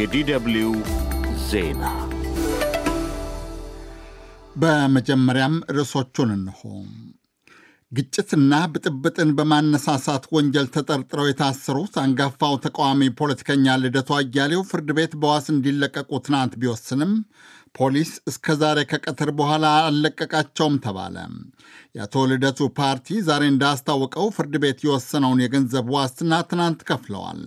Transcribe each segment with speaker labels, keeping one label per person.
Speaker 1: የዲደብሊው ዜና በመጀመሪያም ርዕሶቹን እንሆ። ግጭትና ብጥብጥን በማነሳሳት ወንጀል ተጠርጥረው የታሰሩት አንጋፋው ተቃዋሚ ፖለቲከኛ ልደቱ አያሌው ፍርድ ቤት በዋስ እንዲለቀቁ ትናንት ቢወስንም ፖሊስ እስከ ዛሬ ከቀትር በኋላ አለቀቃቸውም ተባለ። የአቶ ልደቱ ፓርቲ ዛሬ እንዳስታወቀው ፍርድ ቤት የወሰነውን የገንዘብ ዋስትና ትናንት ከፍለዋል።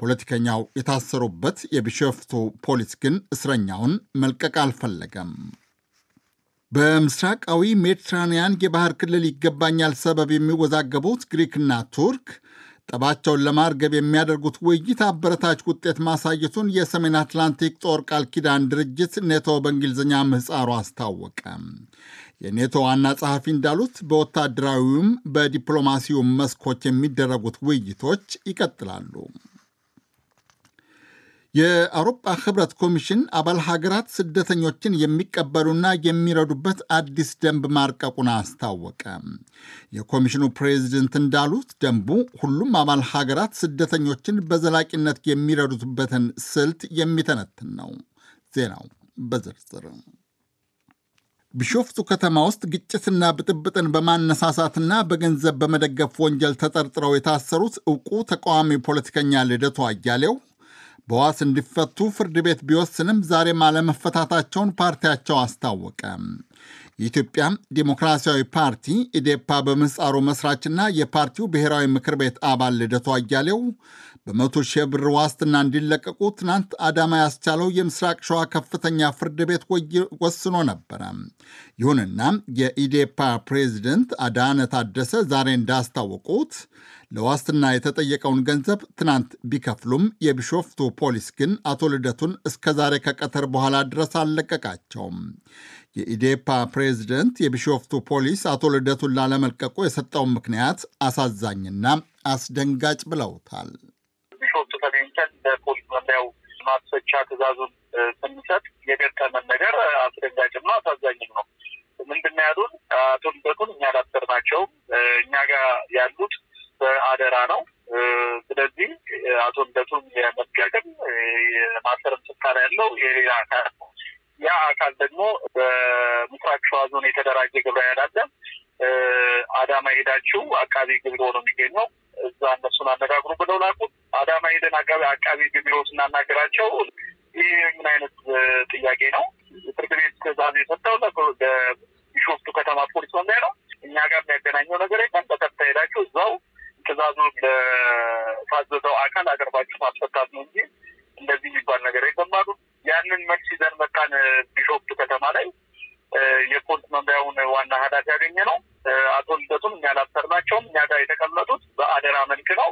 Speaker 1: ፖለቲከኛው የታሰሩበት የቢሾፍቱ ፖሊስ ግን እስረኛውን መልቀቅ አልፈለገም። በምስራቃዊ ሜዲትራንያን የባህር ክልል ይገባኛል ሰበብ የሚወዛገቡት ግሪክና ቱርክ ጠባቸውን ለማርገብ የሚያደርጉት ውይይት አበረታች ውጤት ማሳየቱን የሰሜን አትላንቲክ ጦር ቃል ኪዳን ድርጅት ኔቶ በእንግሊዝኛ ምህፃሩ አስታወቀ። የኔቶ ዋና ጸሐፊ እንዳሉት በወታደራዊውም በዲፕሎማሲውም መስኮች የሚደረጉት ውይይቶች ይቀጥላሉ። የአውሮፓ ህብረት ኮሚሽን አባል ሀገራት ስደተኞችን የሚቀበሉና የሚረዱበት አዲስ ደንብ ማርቀቁን አስታወቀ። የኮሚሽኑ ፕሬዚደንት እንዳሉት ደንቡ ሁሉም አባል ሀገራት ስደተኞችን በዘላቂነት የሚረዱበትን ስልት የሚተነትን ነው። ዜናው በዝርዝር ቢሾፍቱ ከተማ ውስጥ ግጭትና ብጥብጥን በማነሳሳትና በገንዘብ በመደገፍ ወንጀል ተጠርጥረው የታሰሩት እውቁ ተቃዋሚ ፖለቲከኛ ልደቱ አያሌው በዋስ እንዲፈቱ ፍርድ ቤት ቢወስንም ዛሬም አለመፈታታቸውን ፓርቲያቸው አስታወቀ። የኢትዮጵያ ዴሞክራሲያዊ ፓርቲ ኢዴፓ በምህጻሩ መስራችና የፓርቲው ብሔራዊ ምክር ቤት አባል ልደቱ አያሌው በመቶ ሺህ ብር ዋስትና እንዲለቀቁ ትናንት አዳማ ያስቻለው የምስራቅ ሸዋ ከፍተኛ ፍርድ ቤት ወስኖ ነበረ። ይሁንና የኢዴፓ ፕሬዚደንት አዳነ ታደሰ ዛሬ እንዳስታወቁት ለዋስትና የተጠየቀውን ገንዘብ ትናንት ቢከፍሉም የቢሾፍቱ ፖሊስ ግን አቶ ልደቱን እስከዛሬ ከቀትር በኋላ ድረስ አልለቀቃቸውም። የኢዴፓ ፕሬዚደንት የቢሾፍቱ ፖሊስ አቶ ልደቱን ላለመልቀቁ የሰጠውን ምክንያት አሳዛኝና አስደንጋጭ ብለውታል። ቢሾፍቱ
Speaker 2: ተገኝተን ለፖሊስ መለያው ማስፈቻ ትእዛዙን ስንሰጥ የገጠመን ነገር አስደንጋጭና አሳዛኝም ነው። ምንድን ነው ያሉን? አቶ ልደቱን እኛ ላሰርናቸውም እኛ ጋር ያሉት በአደራ ነው። ስለዚህ አቶ ልደቱም የመጋገም የማሰርም ስልጣን ያለው የሌላ አካል ነው። ያ አካል ደግሞ በምስራቅ ሸዋ ዞን የተደራጀ ግብረ ኃይል አለ። አዳማ ሄዳችሁ አቃቢ ግብሮ ነው የሚገኘው። እዛ እነሱን አነጋግሩ ብለው ላኩት። አዳማ ሄደን አቃቢ ግብሮ ስናናገራቸው ይህ ምን አይነት ጥያቄ ነው? ፍርድ ቤት ትዕዛዝ የሰጠው ለቢሾፍቱ ከተማ ፖሊስ መምሪያ መልክ ነው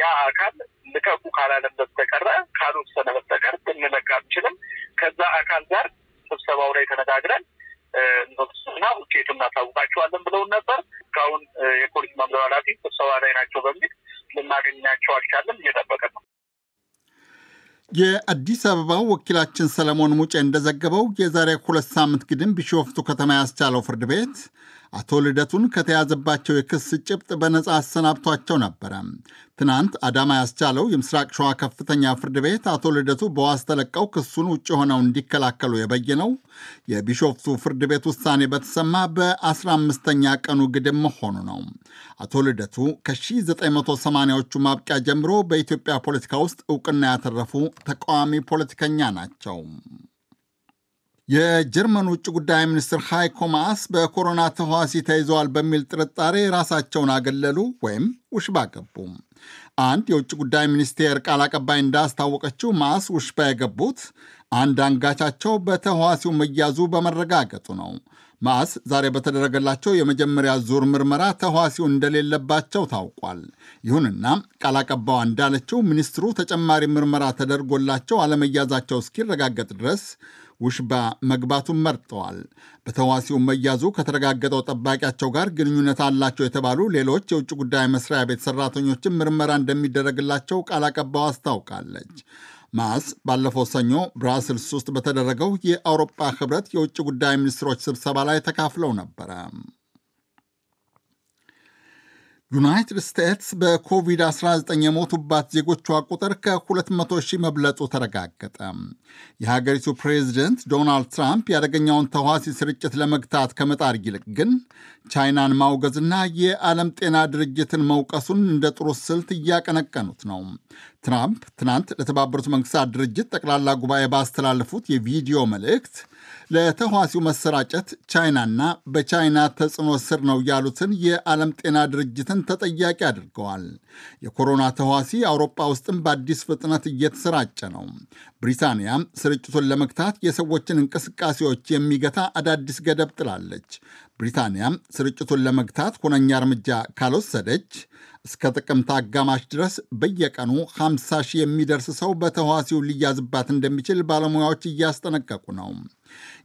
Speaker 2: ያ አካል ልቀቁ ካላለ በስተቀረ ካልወሰነ በስተቀር ልንለቅ አንችልም። ከዛ አካል ጋር ስብሰባው ላይ ተነጋግረን እና ውጤቱ እናሳውቃቸዋለን ብለውን ነበር። እስካሁን የፖሊስ መምሪያ ኃላፊ ስብሰባ ላይ ናቸው በሚል ልናገኛቸው አልቻለም። እየጠበቀ ነው።
Speaker 1: የአዲስ አበባው ወኪላችን ሰለሞን ሙጬ እንደዘገበው የዛሬ ሁለት ሳምንት ግድም ቢሾፍቱ ከተማ ያስቻለው ፍርድ ቤት አቶ ልደቱን ከተያዘባቸው የክስ ጭብጥ በነጻ አሰናብቷቸው ነበረ። ትናንት አዳማ ያስቻለው የምስራቅ ሸዋ ከፍተኛ ፍርድ ቤት አቶ ልደቱ በዋስ ተለቀው ክሱን ውጭ ሆነው እንዲከላከሉ የበየነው የቢሾፍቱ ፍርድ ቤት ውሳኔ በተሰማ በ15ኛ ቀኑ ግድም መሆኑ ነው። አቶ ልደቱ ከ1980ዎቹ ማብቂያ ጀምሮ በኢትዮጵያ ፖለቲካ ውስጥ እውቅና ያተረፉ ተቃዋሚ ፖለቲከኛ ናቸው። የጀርመን ውጭ ጉዳይ ሚኒስትር ሃይኮ ማስ በኮሮና ተህዋሲ ተይዘዋል በሚል ጥርጣሬ ራሳቸውን አገለሉ ወይም ውሽባ ገቡ። አንድ የውጭ ጉዳይ ሚኒስቴር ቃል አቀባይ እንዳስታወቀችው ማስ ውሽባ የገቡት አንድ አንጋቻቸው በተህዋሲው መያዙ በመረጋገጡ ነው። ማስ ዛሬ በተደረገላቸው የመጀመሪያ ዙር ምርመራ ተህዋሲው እንደሌለባቸው ታውቋል። ይሁንና ቃል አቀባዋ እንዳለችው ሚኒስትሩ ተጨማሪ ምርመራ ተደርጎላቸው አለመያዛቸው እስኪረጋገጥ ድረስ ውሽባ መግባቱን መርጠዋል። በተዋሲው መያዙ ከተረጋገጠው ጠባቂያቸው ጋር ግንኙነት አላቸው የተባሉ ሌሎች የውጭ ጉዳይ መስሪያ ቤት ሰራተኞችን ምርመራ እንደሚደረግላቸው ቃል አቀባው አስታውቃለች። ማስ ባለፈው ሰኞ ብራስልስ ውስጥ በተደረገው የአውሮፓ ህብረት የውጭ ጉዳይ ሚኒስትሮች ስብሰባ ላይ ተካፍለው ነበረ። ዩናይትድ ስቴትስ በኮቪድ-19 የሞቱባት ዜጎቿ ቁጥር ከ200 ሺህ መብለጡ ተረጋገጠ። የሀገሪቱ ፕሬዚደንት ዶናልድ ትራምፕ ያደገኛውን ተዋሲ ስርጭት ለመግታት ከመጣር ይልቅ ግን ቻይናን ማውገዝና የዓለም ጤና ድርጅትን መውቀሱን እንደ ጥሩ ስልት እያቀነቀኑት ነው። ትራምፕ ትናንት ለተባበሩት መንግስታት ድርጅት ጠቅላላ ጉባኤ ባስተላለፉት የቪዲዮ መልእክት ለተህዋሲው መሰራጨት ቻይናና በቻይና ተጽዕኖ ስር ነው ያሉትን የዓለም ጤና ድርጅትን ተጠያቂ አድርገዋል። የኮሮና ተህዋሲ አውሮፓ ውስጥም በአዲስ ፍጥነት እየተሰራጨ ነው። ብሪታንያ ስርጭቱን ለመግታት የሰዎችን እንቅስቃሴዎች የሚገታ አዳዲስ ገደብ ጥላለች። ብሪታንያ ስርጭቱን ለመግታት ሁነኛ እርምጃ ካልወሰደች እስከ ጥቅምት አጋማሽ ድረስ በየቀኑ 50 ሺህ የሚደርስ ሰው በተህዋሲው ሊያዝባት እንደሚችል ባለሙያዎች እያስጠነቀቁ ነው።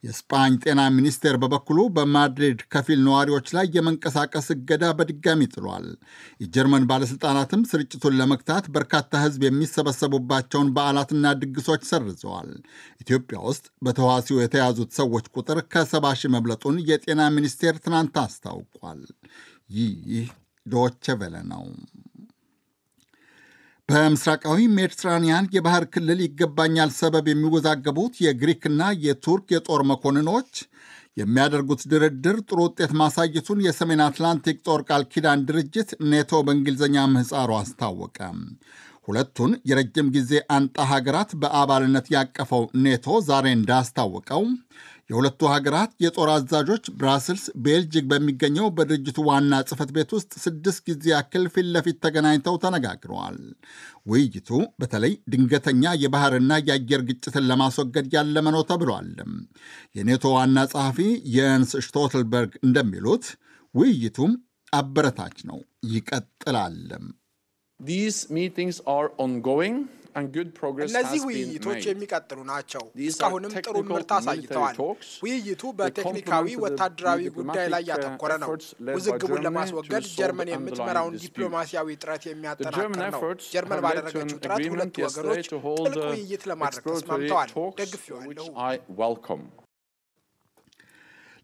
Speaker 1: የስፓኝ ጤና ሚኒስቴር በበኩሉ በማድሪድ ከፊል ነዋሪዎች ላይ የመንቀሳቀስ እገዳ በድጋሚ ጥሏል። የጀርመን ባለሥልጣናትም ስርጭቱን ለመግታት በርካታ ሕዝብ የሚሰበሰቡባቸውን በዓላትና ድግሶች ሰርዘዋል። ኢትዮጵያ ውስጥ በተዋሲው የተያዙት ሰዎች ቁጥር ከሰባ ሺህ መብለጡን የጤና ሚኒስቴር ትናንት አስታውቋል። ይህ ዶቼ ቬለ ነው። በምስራቃዊ ሜዲትራኒያን የባህር ክልል ይገባኛል ሰበብ የሚወዛገቡት የግሪክና የቱርክ የጦር መኮንኖች የሚያደርጉት ድርድር ጥሩ ውጤት ማሳየቱን የሰሜን አትላንቲክ ጦር ቃል ኪዳን ድርጅት ኔቶ በእንግሊዝኛ ምህፃሩ አስታወቀ። ሁለቱን የረጅም ጊዜ አንጣ ሀገራት በአባልነት ያቀፈው ኔቶ ዛሬ እንዳስታወቀው የሁለቱ ሀገራት የጦር አዛዦች ብራስልስ ቤልጅግ በሚገኘው በድርጅቱ ዋና ጽህፈት ቤት ውስጥ ስድስት ጊዜ ያክል ፊት ለፊት ተገናኝተው ተነጋግረዋል። ውይይቱ በተለይ ድንገተኛ የባህርና የአየር ግጭትን ለማስወገድ ያለመ ነው ተብሏል። የኔቶ ዋና ጸሐፊ የንስ ሽቶትልበርግ እንደሚሉት ውይይቱም አበረታች ነው፣ ይቀጥላል።
Speaker 2: These meetings
Speaker 1: are ongoing. እነዚህ ውይይቶች የሚቀጥሉ ናቸው። እስካሁንም ጥሩ ምርት አሳይተዋል። ውይይቱ በቴክኒካዊ ወታደራዊ ጉዳይ ላይ uh, ያተኮረ ነው። ውዝግቡን ለማስወገድ ጀርመን የምትመራውን ዲፕሎማሲያዊ ጥረት የሚያጠናክር ነው። ጀርመን ባደረገችው ጥረት ሁለቱ ወገኖች ጥልቅ ውይይት ለማድረግ ተስማምተዋል። ደግፌዋለሁ።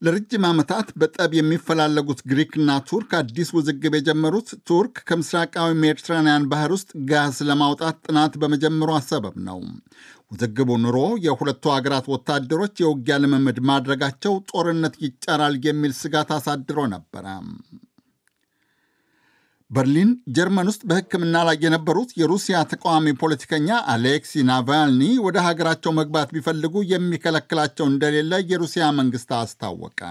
Speaker 1: ለረጅም ዓመታት በጠብ የሚፈላለጉት ግሪክና ቱርክ አዲስ ውዝግብ የጀመሩት ቱርክ ከምስራቃዊ ሜዲትራንያን ባህር ውስጥ ጋዝ ለማውጣት ጥናት በመጀመሯ ሰበብ ነው። ውዝግቡ ኑሮ የሁለቱ ሀገራት ወታደሮች የውጊያ ልምምድ ማድረጋቸው ጦርነት ይጫራል የሚል ስጋት አሳድሮ ነበረ። በርሊን ጀርመን ውስጥ በሕክምና ላይ የነበሩት የሩሲያ ተቃዋሚ ፖለቲከኛ አሌክሲ ናቫልኒ ወደ ሀገራቸው መግባት ቢፈልጉ የሚከለክላቸው እንደሌለ የሩሲያ መንግስት አስታወቀ።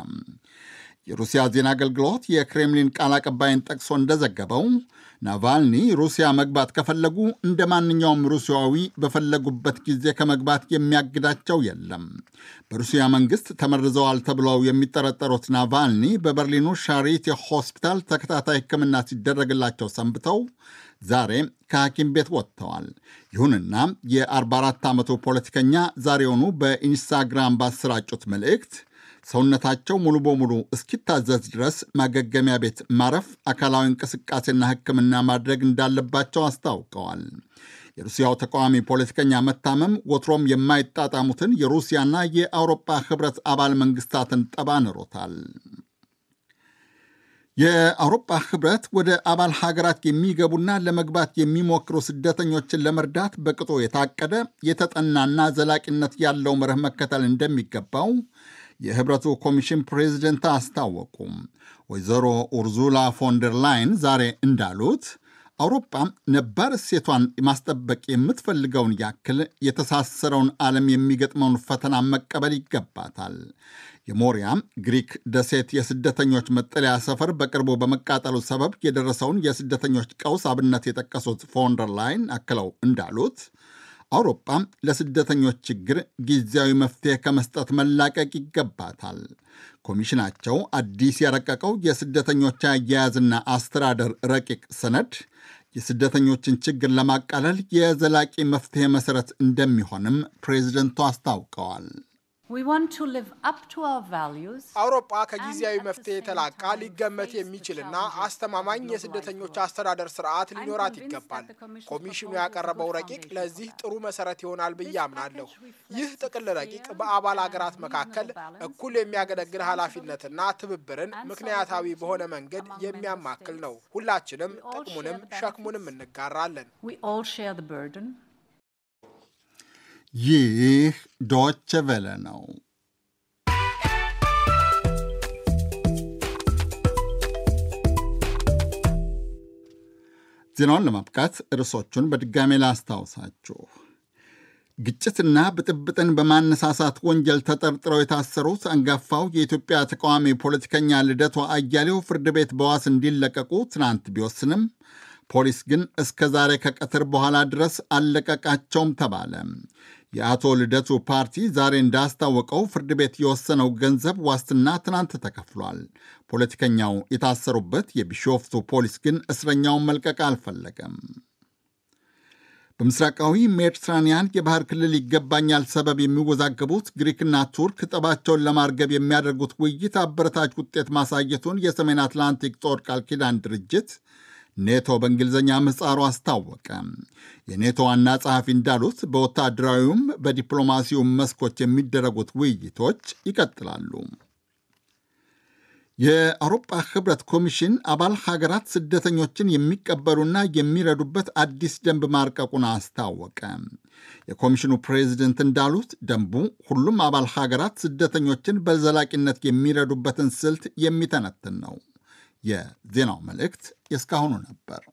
Speaker 1: የሩሲያ ዜና አገልግሎት የክሬምሊን ቃል አቀባይን ጠቅሶ እንደዘገበው ናቫልኒ ሩሲያ መግባት ከፈለጉ እንደ ማንኛውም ሩሲያዊ በፈለጉበት ጊዜ ከመግባት የሚያግዳቸው የለም። በሩሲያ መንግስት ተመርዘዋል ተብለው የሚጠረጠሩት ናቫልኒ በበርሊኑ ሻሪቴ ሆስፒታል ተከታታይ ሕክምና ሲደረግላቸው ሰንብተው ዛሬ ከሐኪም ቤት ወጥተዋል። ይሁንና የ44 ዓመቱ ፖለቲከኛ ዛሬውኑ በኢንስታግራም ባሰራጩት መልእክት ሰውነታቸው ሙሉ በሙሉ እስኪታዘዝ ድረስ ማገገሚያ ቤት ማረፍ፣ አካላዊ እንቅስቃሴና ሕክምና ማድረግ እንዳለባቸው አስታውቀዋል። የሩሲያው ተቃዋሚ ፖለቲከኛ መታመም ወትሮም የማይጣጣሙትን የሩሲያና የአውሮፓ ህብረት አባል መንግስታትን ጠባንሮታል። የአውሮፓ ህብረት ወደ አባል ሀገራት የሚገቡና ለመግባት የሚሞክሩ ስደተኞችን ለመርዳት በቅጡ የታቀደ የተጠናና ዘላቂነት ያለው መርህ መከተል እንደሚገባው የህብረቱ ኮሚሽን ፕሬዚደንት አስታወቁ። ወይዘሮ ኡርዙላ ፎንደር ላይን ዛሬ እንዳሉት አውሮፓ ነባር እሴቷን ማስጠበቅ የምትፈልገውን ያክል የተሳሰረውን ዓለም የሚገጥመውን ፈተና መቀበል ይገባታል። የሞሪያ ግሪክ ደሴት የስደተኞች መጠለያ ሰፈር በቅርቡ በመቃጠሉ ሰበብ የደረሰውን የስደተኞች ቀውስ አብነት የጠቀሱት ፎንደር ላይን አክለው እንዳሉት አውሮፓ ለስደተኞች ችግር ጊዜያዊ መፍትሄ ከመስጠት መላቀቅ ይገባታል። ኮሚሽናቸው አዲስ ያረቀቀው የስደተኞች አያያዝና አስተዳደር ረቂቅ ሰነድ የስደተኞችን ችግር ለማቃለል የዘላቂ መፍትሄ መሠረት እንደሚሆንም ፕሬዚደንቱ አስታውቀዋል። አውሮፓ ከጊዜያዊ መፍትሄ የተላቃ ሊገመት የሚችልና አስተማማኝ የስደተኞች አስተዳደር ስርዓት ሊኖራት ይገባል። ኮሚሽኑ ያቀረበው ረቂቅ ለዚህ ጥሩ መሰረት ይሆናል ብዬ አምናለሁ። ይህ ጥቅል ረቂቅ በአባል አገራት መካከል እኩል የሚያገለግል ኃላፊነትና ትብብርን ምክንያታዊ በሆነ መንገድ የሚያማክል ነው። ሁላችንም ጥቅሙንም ሸክሙንም እንጋራለን። ይህ ዶች ቨለ ነው። ዜናውን ለማብቃት ርዕሶቹን በድጋሜ ላስታውሳችሁ። ግጭትና ብጥብጥን በማነሳሳት ወንጀል ተጠርጥረው የታሰሩት አንጋፋው የኢትዮጵያ ተቃዋሚ ፖለቲከኛ ልደቱ አያሌው ፍርድ ቤት በዋስ እንዲለቀቁ ትናንት ቢወስንም ፖሊስ ግን እስከ ዛሬ ከቀትር በኋላ ድረስ አለቀቃቸውም ተባለ። የአቶ ልደቱ ፓርቲ ዛሬ እንዳስታወቀው ፍርድ ቤት የወሰነው ገንዘብ ዋስትና ትናንት ተከፍሏል። ፖለቲከኛው የታሰሩበት የቢሾፍቱ ፖሊስ ግን እስረኛውን መልቀቅ አልፈለገም። በምስራቃዊ ሜዲትራኒያን የባህር ክልል ይገባኛል ሰበብ የሚወዛገቡት ግሪክና ቱርክ ጠባቸውን ለማርገብ የሚያደርጉት ውይይት አበረታች ውጤት ማሳየቱን የሰሜን አትላንቲክ ጦር ቃል ኪዳን ድርጅት ኔቶ በእንግሊዝኛ ምህጻሩ አስታወቀ። የኔቶ ዋና ጸሐፊ እንዳሉት በወታደራዊውም በዲፕሎማሲውም መስኮች የሚደረጉት ውይይቶች ይቀጥላሉ። የአውሮፓ ህብረት ኮሚሽን አባል ሀገራት ስደተኞችን የሚቀበሉና የሚረዱበት አዲስ ደንብ ማርቀቁን አስታወቀ። የኮሚሽኑ ፕሬዚደንት እንዳሉት ደንቡ ሁሉም አባል ሀገራት ስደተኞችን በዘላቂነት የሚረዱበትን ስልት የሚተነትን ነው። የዜናው መልእክት የእስካሁኑ ነበር።